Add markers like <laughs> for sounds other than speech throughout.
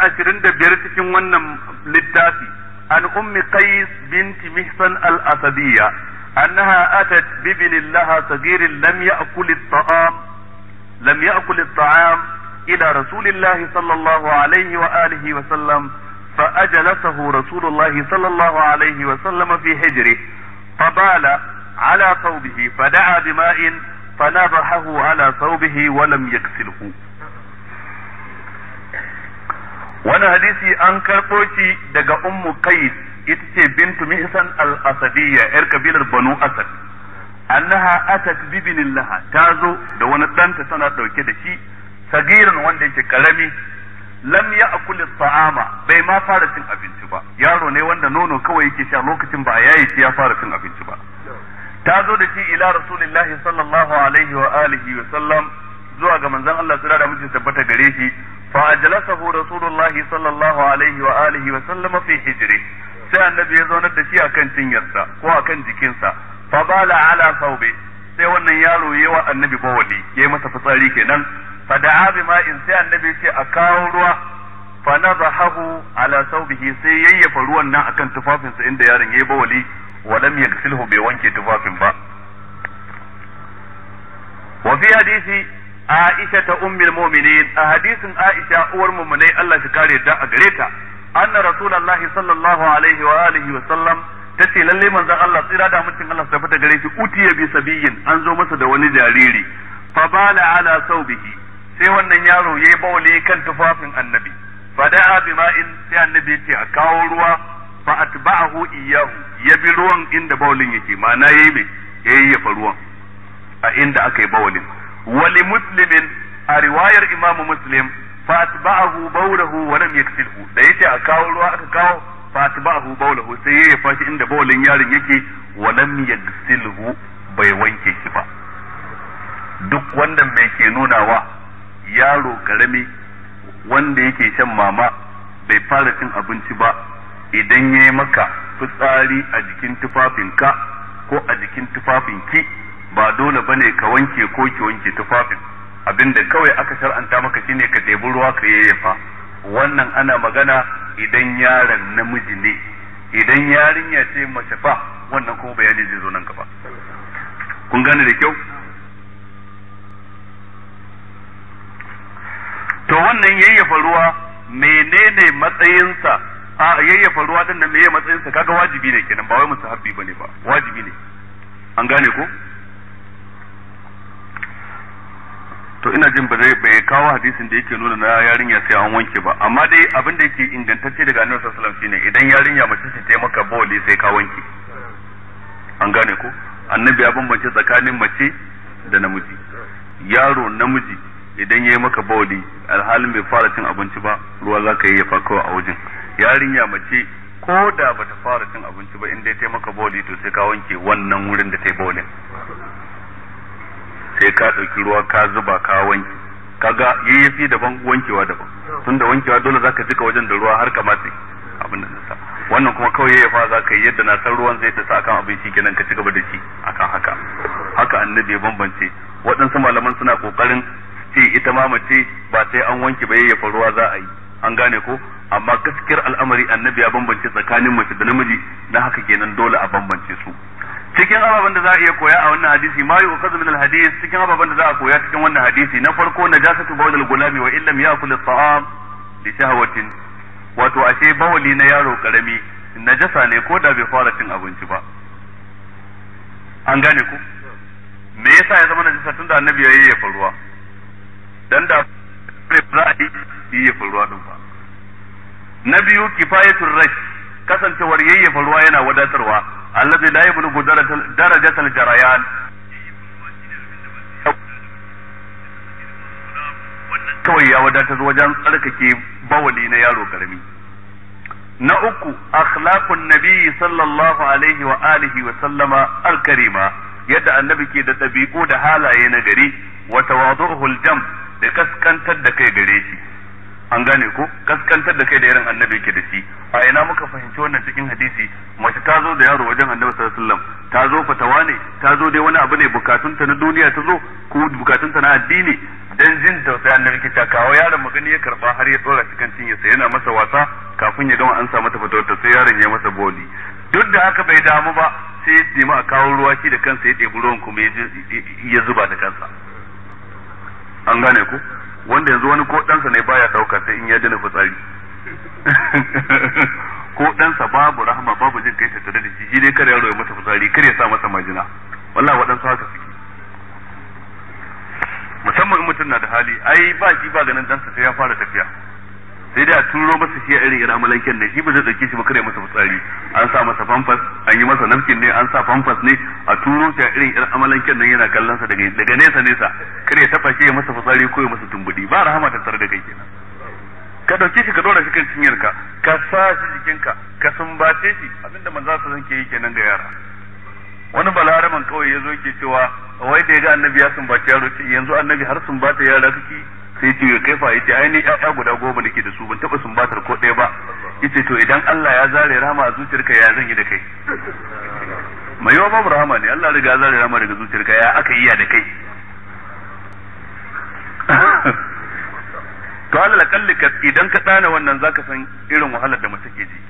ashirin da biyar cikin wannan littafi an ummi qais binti mihsan al-asadiyya annaha atat bibin laha sagirin lam ya'kul at-ta'am lam ya'kul at-ta'am ila rasulillahi sallallahu alaihi wa alihi wa sallam فأجلسه رسول الله صلى الله عليه وسلم في حجره فبال على ثوبه فدعا بماء فنضحه على ثوبه ولم يغسله wani hadisi an karɓo shi daga ummu qais ita ce bintu mihsan al-asadiyya yar kabilar banu asad annaha atat bibinillaha ta zo da wani ɗanta tana ɗauke da shi sagiran wanda yake karami lam ya akuli ta'ama bai ma fara cin abinci ba yaro ne wanda nono kawai yake sha lokacin ba a yayi shi ya fara cin abinci ba ta zo da shi ila rasulillahi sallallahu alaihi wa alihi wa sallam zuwa ga manzon Allah tsira da mutum tabbata gare shi فأجلسه رسول الله صلى الله عليه وآله وسلم في حجره sai annabi ya zaunar da shi akan cinyarsa ko akan jikinsa fa bala ala sai wannan yaro yayi wa annabi bawali yayi masa fitsari kenan fa da'a bi ma'in sai annabi ya ce a kawo ruwa fa nabahahu ala saubihi sai yayyafa ruwan nan akan tufafinsa inda yaron yayi bawali wa lam yaghsilhu bai wanke tufafin ba wa fi hadisi Aisha ta ummul mu'minin a hadisin Aisha uwar mu'minai Allah shi kare da a gare ta anna rasulullahi sallallahu alaihi wa alihi wa sallam tace lalle manzon Allah tsira da mutum Allah sai ta gare shi utiya bi sabiyin an zo masa da wani jariri fa bala ala saubihi sai wannan yaro yayi bawli kan tufafin annabi fa da'a bi ma'in sai annabi ce a kawo ruwa fa atba'ahu iyyahu ya bi ruwan inda bawlin yake ma'ana yayi me yayi ya ruwan a inda aka yi bawlin wali muslimin a riwayar imamu muslim fatba'ahu bawlahu wa lam yaksilhu da yace a kawo ruwa aka kawo fatba'ahu hu sai ya fashi inda bawlin yarin yake wa lam bai wanke shi ba duk wannan mai ke nunawa yaro karami wanda yake shan mama bai fara cin abinci ba idan ya yi maka fitsari a jikin tufafinka ko a jikin tufafinki ba dole bane ka wanke ko ki wanke tufafin abinda kawai aka shar'anta maka shine ka debi ruwa ka yayyafa wannan ana magana idan yaron namiji ne idan yarinya ce mace fa wannan kuma bayani zai zo nan gaba kun gane da kyau to wannan yayyafa ruwa menene matsayinsa a yayyafa ruwa din nan meye matsayinsa kaga wajibi ne kenan ba wai musahabi bane ba wajibi ne an gane ko to ina jin ba zai bai kawo hadisin da yake nuna na yarinya sai an wanke ba amma dai abin da yake ingantacce daga annabi sallallahu alaihi wasallam shine idan yarinya mace ce ta maka bawli sai ka wanke an gane ko annabi ya bambance tsakanin mace da namiji yaro namiji idan ya yi maka bawli alhalin bai fara cin abinci ba ruwa za ka yi ya fakawa a wajen yarinya mace ko da bata fara cin abinci ba in dai ta maka bawli to sai ka wanke wannan wurin da ta yi bawlin sai ka ɗauki ruwa ka zuba ka wanke kaga yayyafi daban wankewa daban da wankewa dole zaka jika wajen da ruwa har ka matse abin da nasa wannan kuma kawai yayyafa zaka yi yadda na san ruwan zai tasa akan abin shi kenan ka cigaba da shi akan haka haka annabi ya bambance waɗansu malaman suna kokarin ce ita ma mace ba sai an wanke ba yayyafa ruwa za a yi an gane ko amma gaskiyar al'amari annabi ya bambance tsakanin mace da namiji na haka kenan dole a bambance su cikin ababen da za a iya koya a wannan hadisi ma yu'khadhu min al cikin ababen da za a koya cikin wannan hadisi na farko najasatu bawl al-gulami wa illam ya'kul at-ta'am li shahwatin wato ashe bawli na yaro karami najasa ne ko da bai fara cin abinci ba an gane ku me yasa ya zama najasa tunda annabi ya faruwa ruwa dan da za yayi yi yayyafa ruwa din ba na biyu kifayatul rash kasancewar yayyafa ruwa yana wadatarwa allazi la yablughu darajatal jarayan kawai ya wadatar wajen tsarkake bawali na yaro karami na uku akhlaqun nabiyyi sallallahu alaihi wa alihi wa sallama alkarima yadda annabi ke da ɗabi'u da halaye na gari wa tawadu'ul jam da kaskantar da kai gare shi an gane ko kaskantar da kai da irin annabi ke da shi a ina muka fahimci wannan cikin hadisi mace ta zo da yaro wajen annabi sallallahu alaihi wasallam ta zo fatawa ne ta zo dai wani abu ne bukatunta na duniya ta zo ko bukatunta na addini dan jin sai annabi ke ta kawo yaron magani ya karba har ya dora shi kan cinye yana masa wasa kafin ya gama an sa mata fatawa ta sai yaron ya masa boli duk da haka bai damu ba sai ya nemi a kawo ruwa shi da kansa ya ɗebi ruwan kuma ya zuba da kansa an gane ko. wanda yanzu wani ko ɗansa ne baya ɗauka sai in ya daina fitsari ko ɗansa babu rahama babu jin kai tattare da shi shi dai kare yaro ya masa fitsari kar ya sa masa majina wallahi waɗansu haka suke musamman in mutum na da hali ai ba shi ba ganin ɗansa sai ya fara tafiya sai dai a turo masa shi a irin irin amalanken ne shi ba zai dauke shi ba kare masa fitsari an sa masa famfas an yi masa nafkin ne an sa famfas ne a turo shi a irin irin amalanken nan yana kallon sa daga daga nesa nesa kare ta fashe ya masa fitsari ko ya masa tumbudi ba rahama ta tsar da kai kenan ka dauke shi ka dora shi kan cinyar ka ka sa shi jikin ka ka sumbace shi abinda manzo sa zan ke yi kenan ga yara wani balaraman kawai ya zo ke cewa wai da ya ga annabi ya sumbace yaro yanzu annabi har sumbace yara kake sai ce kai fa yace ai ni ƴaƴa guda goma nake da su ban taba sumbatar ko ɗaya ba yace to idan Allah ya zare rahama a zuciyarka ya zan yi da kai mai yawa babu rahama ne Allah riga zare rahama daga zuciyarka ya aka yi ya da kai <laughs> to alal kalli ka idan ka tsana wannan zaka san irin wahalar da mace ke ji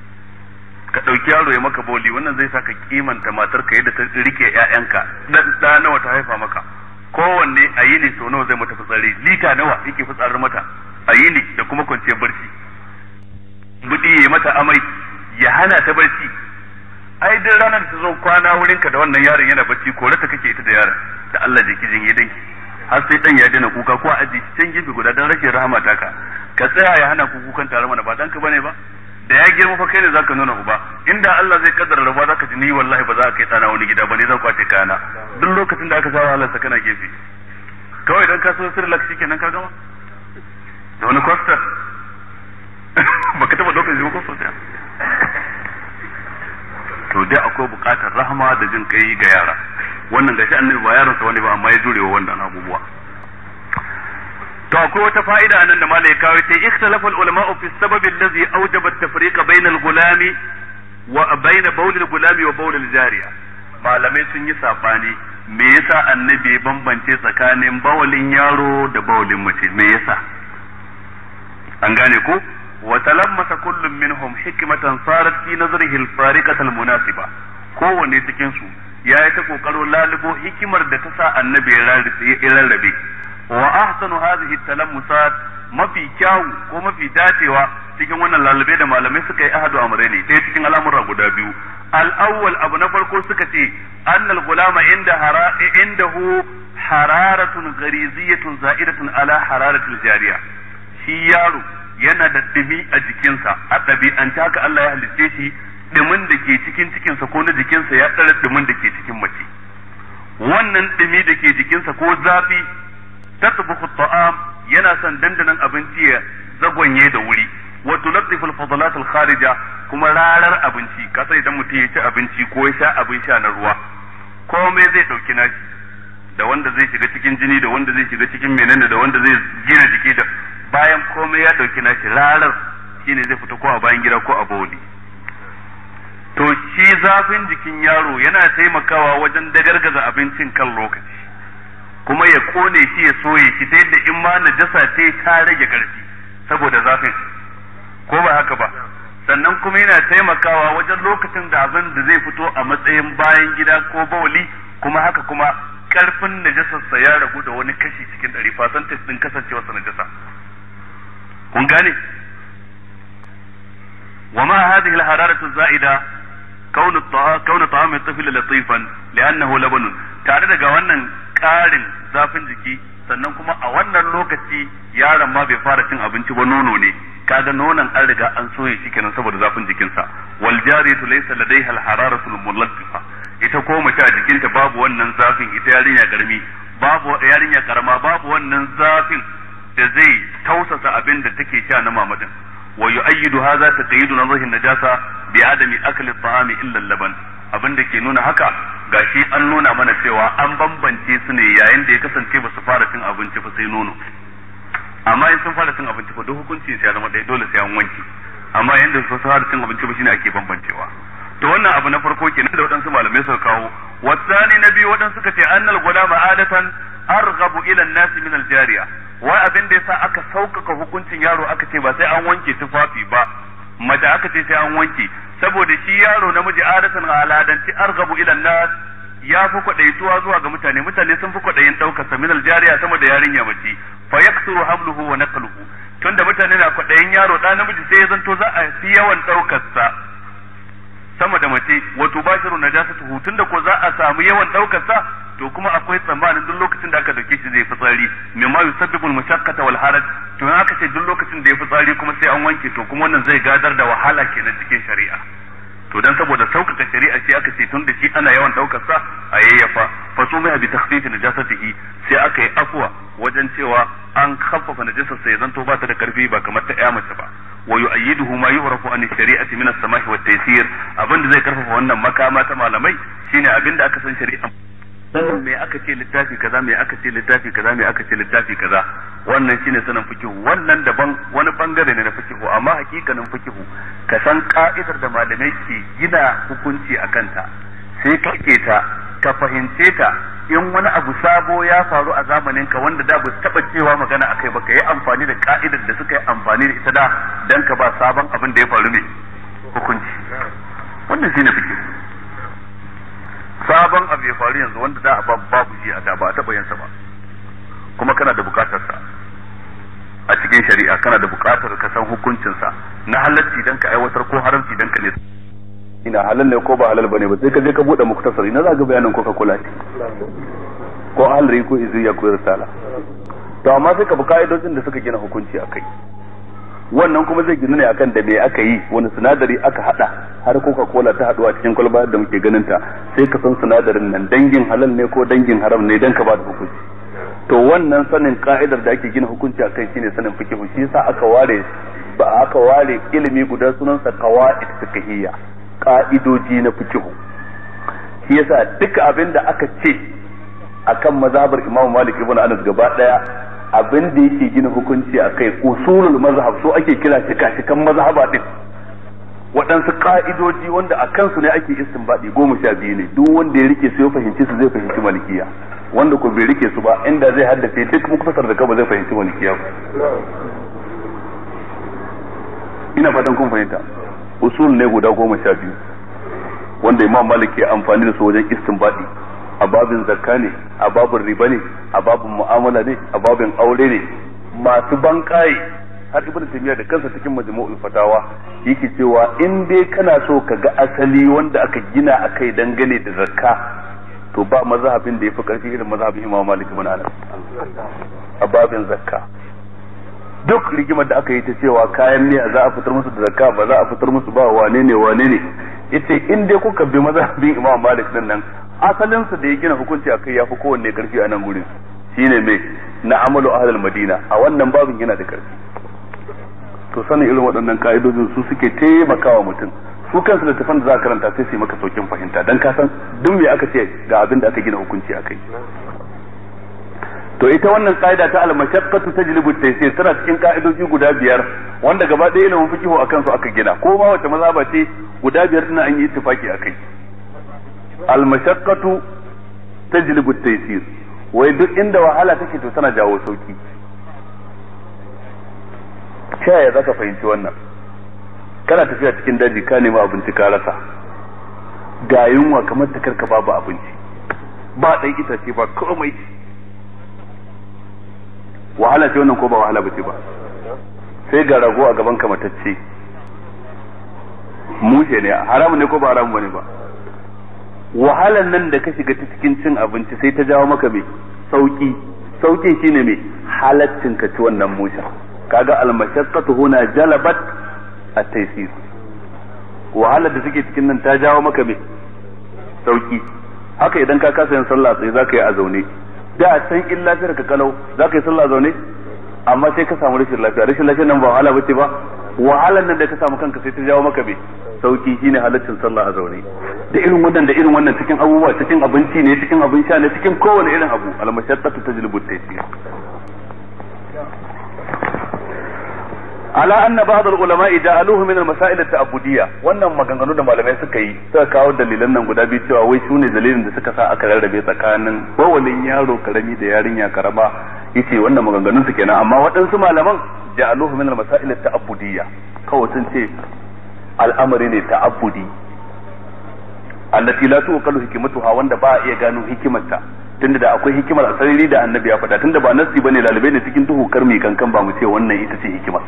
ka ɗauki yaro ya maka boli wannan zai sa ka kimanta matarka yadda ta rike ƴaƴanka dan ɗa nawa ta haifa maka kowanne a yini sau nawa zai mata fitsari lita nawa yake fitsarar mata a yini da kuma kwanciyar barci budi ya mata amai ya hana ta barci ai duk ranar da ta zo kwana wurinka da wannan yaron yana barci kore ta kake ita da yaron da Allah jiki jin yi danki har sai dan ya daina kuka ko a aji can gefe guda dan rashin rahama ta ka tsaya ya hana ku kukan tare mana ba Dan ka bane ba da ya girma fa kai ne zaka nuna ku ba inda Allah zai kaddara rabuwa zaka ji ni wallahi ba za ka kai tsana wani gida ba ne zan kwace kana duk lokacin da aka sa Allah kana gefe kawai idan ka so shi kenan ka gama da wani kwasta <laughs> ka taba dokar zuwa kwasta ta to dai akwai bukatar rahama da jin kai ga yara wannan shi annabi ba yaron sa wani ba amma ya jurewa wannan abubuwa to akwai wata fa'ida nan da malai kawai ta ikhtalafa ulama fi sababin allazi awjaba at-tafriq bayna al-gulami wa bayna bawl gulami wa bawl jariya malamai sun yi sabani me yasa annabi bambance tsakanin bawalin yaro da bawalin mace me yasa an gane ko wa talammasa kullum minhum hikmatan sarat fi nazrihi al-fariqata al-munasiba kowanne cikin su ya yi ta kokarin lalubo hikimar da ta sa annabi ya rarrabe wa ahsanu hadhihi musa mafi kyawu ko mafi dacewa cikin wannan lalube da malamai suka yi ahadu a ne ɗaya cikin al'amura guda biyu al abu na farko suka ce annal gulama inda hara indahu hararatun ghariziyatun za'idatun ala hararatil jariya shi yaro yana da dumi a jikinsa a ɗabi'anta ka Allah ya halicce shi dumin da ke cikin cikinsa ko na jikinsa ya tsara dumin da ke cikin mace wannan dumi da ke jikinsa ko zafi tatbuhu ta'am yana son dandanan abinci ya zagonye da wuri wa tulattifu al-fadalat al-kharija kuma rarar abinci kasa idan mutum ya ci abinci ko ya sha abin sha na ruwa komai zai dauki nashi da wanda zai shiga cikin jini da wanda zai shiga cikin menene da wanda zai gina jiki da bayan komai ya dauki nashi rarar shine zai fita ko a bayan gida ko a bawli to shi zafin jikin yaro yana taimakawa wajen dagargaza abincin kan lokaci kuma ya kone shi ya soye shi ta yadda in ma najasa jasa ta rage ƙarfi saboda zafin ko ba haka ba sannan kuma yana taimakawa wajen lokacin da abin da zai fito a matsayin bayan gida ko bawali kuma haka kuma karfin najasarsa ya ragu da wani kashi cikin ɗari fasantis ɗin kasancewarsa najasa kun gane wa ma hadhihi al-hararatu zaida kauna ta'amin tafila latifan li'annahu labanun tare daga wannan karin zafin jiki sannan kuma a wannan lokaci yaron ma bai fara cin abinci ba nono ne kaga nonon an riga an soye shi kenan saboda zafin jikinsa wal tu laysa ladayha al hararatul mulattifa ita ko mace a jikinta babu wannan zafin ita yarinya garmi babu yarinya karama babu wannan zafin da zai tausasa abin da take sha na mamadin wa yu'ayyidu hadha taqyidu nadhihi najasa bi adami akli at-ta'ami illa al-laban abin da ke nuna haka gashi an nuna mana cewa an bambance su ne yayin da ya kasance ba su fara cin abinci ba sai nono amma in sun fara cin abinci ba duk hukuncin sai zama ɗaya dole sai an wanke amma yayin su fara cin abinci ba shine ake bambancewa to wannan abu na farko kenan da waɗansu malamai suka kawo wasani na biyu waɗansu suka ce annal gulama adatan arghabu ila an-nas min al-jariya wa abin da yasa aka sauƙaƙa hukuncin yaro aka ce ba sai an wanke tufafi ba mace aka ce sai an wanke saboda shi yaro namiji aratan aladanci argabu ila nas ya fi kwaɗaituwa zuwa ga mutane mutane sun fi kwaɗayin ɗaukar sa min aljariya sama da yarinya mace fa yaksuru hamluhu wa naqluhu tunda mutane na kwaɗayin yaro ɗan namiji sai ya zanto za a fi yawan ɗaukar sa sama da mace wato bashiru najasatuhu tunda ko za a samu yawan ɗaukar sa to kuma akwai tsammanin duk lokacin da aka dauke shi zai fitsari mai yusabbibu al-mashaqqata wal haraj to in aka ce duk lokacin da ya fitsari kuma sai an wanke to kuma wannan zai gadar da wahala kenan cikin shari'a to dan saboda sauƙaƙa shari'a sai aka ce tun da shi ana yawan daukar sa a yayyafa fa su mai bi takhfif najasatihi sai aka yi afwa wajen cewa an khaffafa najasar sai zanto ba ta da karfi ba kamar ta ƴa mace ba wa yu'ayyiduhu ma yu'rafu an shari'ati min as-samahi wat-taysir abinda zai karfafa wannan makama ta malamai shine abinda aka san shari'a sanin me aka ce littafi kaza me aka ce littafi kaza me aka ce littafi kaza wannan shine sanin fikihu wannan daban wani bangare ne na fikihu amma hakikanin fikihu ka san ka'idar da malamai ke gina hukunci a kanta sai ka ke ta ka fahimce ta in wani abu sabo ya faru a zamanin ka wanda da ba taba cewa magana akai ba ka yi amfani da ka'idar da suka yi amfani da ita da dan ka ba sabon abin da ya faru ne hukunci wannan shine fikihu sabon abu ya faru yanzu wanda da babu shi a da ba a taɓa yansa ba kuma kana da bukatar sa a cikin shari'a kana da bukatar ka san hukuncinsa na halarci don ka aiwatar ko haramci don ka ne ina halal ne ko ba halal ne ba sai ka je ka bude muktasari na ka bayanin ko ka kula ce ko alri ko iziya ko risala to amma sai ka bi ka'idojin da suka gina hukunci akai wannan kuma zai gina ne akan da me aka yi wani sinadari aka hada har coca cola ta haɗu cikin kwalba da muke ganin ta sai ka san sinadarin nan dangin halal ne ko dangin haram ne dan ka ba da hukunci to wannan sanin ka'idar da ake gina hukunci akai shine sanin fikihu shi yasa aka ware ba aka ware ilimi guda sunansa qawaid fiqhiyya ka'idoji na fikihu shi yasa duk abin da aka ce akan mazhabar Imam Malik ibn Anas gaba daya abin da yake gina hukunci a kai usulul mazhab so ake kira shika-shikan mazhaba din waɗansu ka'idoji wanda a kansu ne ake istinbadi goma sha biyu ne duk wanda ya rike su ya fahimci su zai fahimci malikiya wanda ko bai rike su ba inda zai haddace duk kusa da gaba zai fahimci malikiya ina fatan kun fahimta usul ne guda goma sha biyu wanda imam malik ya amfani da su wajen istinbadi a babin zakka ne a babin riba ne a babin mu'amala ne a babin aure ne masu ban kai har ibnu taymiya da kansa cikin majmu'ul fatawa yake cewa in dai kana so ka ga asali wanda aka gina akai dangane da zakka to ba mazhabin da yafi karfi irin mazhabin imam malik ibn anas a babin zakka duk rigimar da aka yi ta cewa kayan miya za a fitar musu da zakka ba za a fitar musu ba wane ne wane ne yace in dai kuka bi mazhabin imam malik din nan asalinsa da ya gina hukunci a kai ya fi kowanne karfi a nan gurin shine mai na amalu ahlul madina a wannan babin yana da karfi to sanin irin waɗannan ka'idojin su suke taimakawa mutum su kansu da tafan da za a karanta sai su yi maka saukin fahimta dan kasan duk me aka ce ga abin da aka gina hukunci a kai to ita wannan ka'ida ta al-mashaqqatu tajlibu at-taysir tana cikin ka'idoji guda biyar wanda gaba ɗaya ilimin fiqh akan su aka gina ko ma wace mazhaba ce guda biyar din an yi ittifaki akai Almashakatu tajlibu at-taysir wai duk inda wahala take to tana jawo sauki ta ya zaka fahimci wannan kana tafiya cikin daji ka nemi abinci ka rasa ga yunwa kamar ta karka babu abinci ba ɗan itace ba komai wahala ce wannan ko ba wahala ba ce ba sai ga rago a gaban kamatacce mushe ne haramun ne ko ba haramun ne ba wahalan nan da ka shiga cikin cin abinci sai ta jawo maka mai sauki saukin shine mai halaccin ka ci wannan musha kaga almashaqqatu huna jalabat at-taysir wahalar da suke cikin nan ta jawo maka mai sauki haka idan ka kasa yin sallah sai zaka yi a zaune da a san illa lafiyar ka kalau zaka yi sallah zaune amma sai ka samu rashin lafiya rashin lafiyar nan ba wahala bace ba wahalan nan da ka samu kanka sai ta jawo maka mai sauki shine halaccin sallah a zaune da irin wannan da irin wannan cikin abubuwa cikin abinci ne cikin abin sha ne cikin kowane irin abu almashaqqatu tajlibu at-taysir ala anna ba'd al-ulama ja'aluhu min al-masail at-ta'budiyya wannan maganganu da malamai suka yi suka kawo dalilan nan guda biyu cewa wai sune dalilin da suka sa aka rarrabe tsakanin bawalin yaro karami da yarinya karama yace wannan maganganun su kenan amma waɗansu malaman ja'aluhu min al-masail at-ta'budiyya kawai sun ce al'amari ne abudi allati la tuqalu hikmatuha wanda ba a iya gano hikimarta tunda da akwai hikimar a da annabi ya faɗa tunda ba nasi bane lalibai ne cikin duhu karmi kankan ba mu ce wannan ita ce hikimar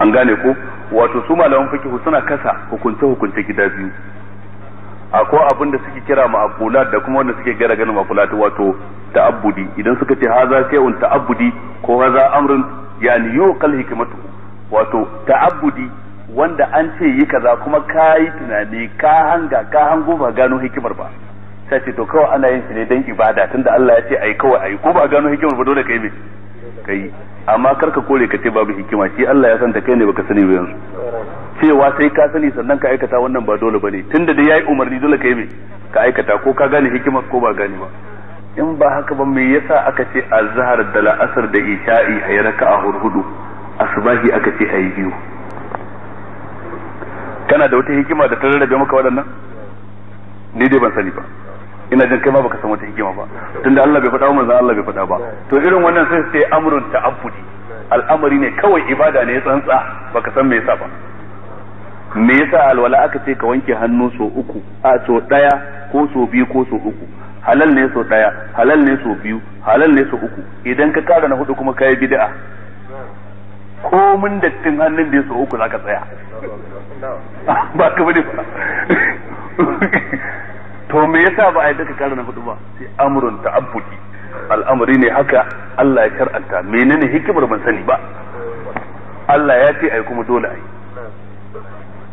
an gane ko wato su malaman fiqh suna kasa hukunce hukunce gida biyu akwai abin da suke kira ma'akulat da kuma wanda suke gara ganin ma'akulat wato ta'abbudi idan suka ce haza shay'un ta'abbudi ko haza amrun yani yuqal hikmatu wato ta'abbudi wanda an ce yi kaza kuma ka yi tunani ka hanga ka hango ba gano hikimar ba sai ce to kawai ana yin shi ne don ibada tunda Allah ya ce ai kawai ai ko ba gano hikimar ba dole kai me kai amma kar ka kore ka ce babu hikima shi Allah ya san ta kai ne baka sani ba yanzu cewa sai ka sani sannan ka aikata wannan ba dole bane tunda da yayi umarni dole kai me ka aikata ko ka gane hikimar ko ba gane ba in ba haka ba me yasa aka ce azhar da la'asar da isha'i ayyaka a hurhudu asbahi aka ce ayi biyu kana da wata hikima da ta rarrabe maka waɗannan ni dai ban sani ba ina jin kai ma baka san wata hikima ba tunda Allah bai faɗa ba manzon Allah bai faɗa ba to irin wannan sai sai amrun ta'abbudi al'amari ne kawai ibada ne tsantsa baka san me yasa ba me yasa alwala aka ce ka wanke hannu so uku a so daya ko so biyu ko so uku halal ne so daya halal ne so biyu halal ne so uku idan ka kara na hudu kuma kai bid'a ko komin dattin hannun da ya so uku zaka tsaya ba ka bane ba to me yasa ba a yi ka kara na hudu ba sai ta ta'abbudi al'amari ne haka Allah ya kar'anta menene hikimar ban sani ba Allah ya ce ai kuma dole ai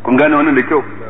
kun gane wannan da kyau